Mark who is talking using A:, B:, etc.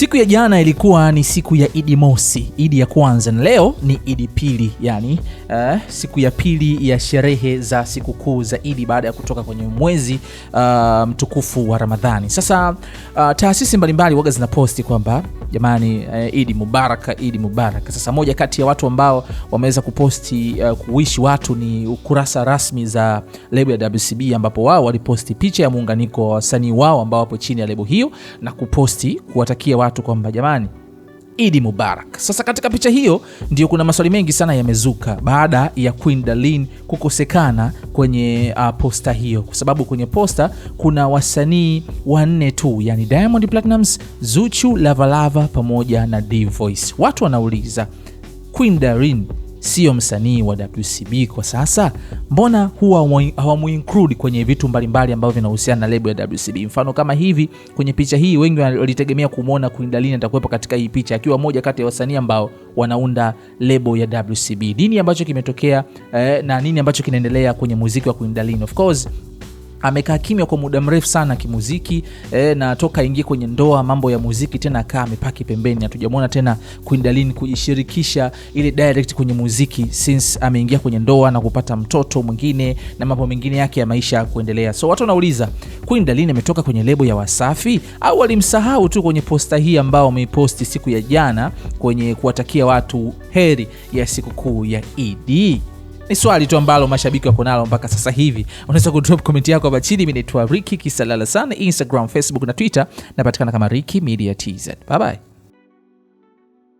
A: Siku ya jana ilikuwa ni siku ya Idi mosi, Idi ya kwanza, na leo ni Idi pili, yani uh, siku ya pili ya sherehe za sikukuu za Idi baada ya kutoka kwenye mwezi uh, mtukufu wa Ramadhani. Sasa uh, taasisi mbalimbali waga zinaposti kwamba jamani, eh, Idi Mubaraka, Idi Mubaraka. Sasa moja kati ya watu ambao wameweza kuposti uh, kuishi watu ni kurasa rasmi za lebo ya WCB, ambapo wao waliposti picha ya muunganiko wa wasanii wao ambao wapo chini ya lebo hiyo na kuposti kuwatakia watu kwamba jamani Idi Mubarak. Sasa katika picha hiyo ndio kuna maswali mengi sana yamezuka baada ya Queen Darleen kukosekana kwenye uh, posta hiyo, kwa sababu kwenye posta kuna wasanii wanne tu, yani Diamond Platnumz, Zuchu, Lavalava pamoja na D Voice. Watu wanauliza Queen Darleen sio msanii wa WCB kwa sasa, mbona huwa hawamuinclude kwenye vitu mbalimbali ambavyo vinahusiana na lebo ya WCB? Mfano kama hivi kwenye picha hii, wengi walitegemea kumwona Queen Darling atakuwepo katika hii picha akiwa moja kati ya wasanii ambao wanaunda lebo ya WCB. Nini ambacho kimetokea eh, na nini ambacho kinaendelea kwenye muziki wa Queen Darling? Of course amekaa kimya kwa muda mrefu sana kimuziki e, na toka ingie kwenye ndoa mambo ya muziki tena akaa amepaki pembeni. Hatujamwona tena Queen Darleen kujishirikisha ile direct kwenye muziki since ameingia kwenye ndoa na kupata mtoto mwingine na mambo mengine yake ya maisha kuendelea. So watu wanauliza Queen Darleen ametoka kwenye lebo ya Wasafi au alimsahau tu kwenye posta hii ambao ameiposti siku ya jana kwenye kuwatakia watu heri ya sikukuu ya Idi. Ni swali tu ambalo mashabiki wako nalo mpaka sasa hivi. Unaweza kudrop koment yako hapa chini. mi naitwa riki Kisalala sana, Instagram, Facebook na Twitter napatikana kama riki Media TZ. Bye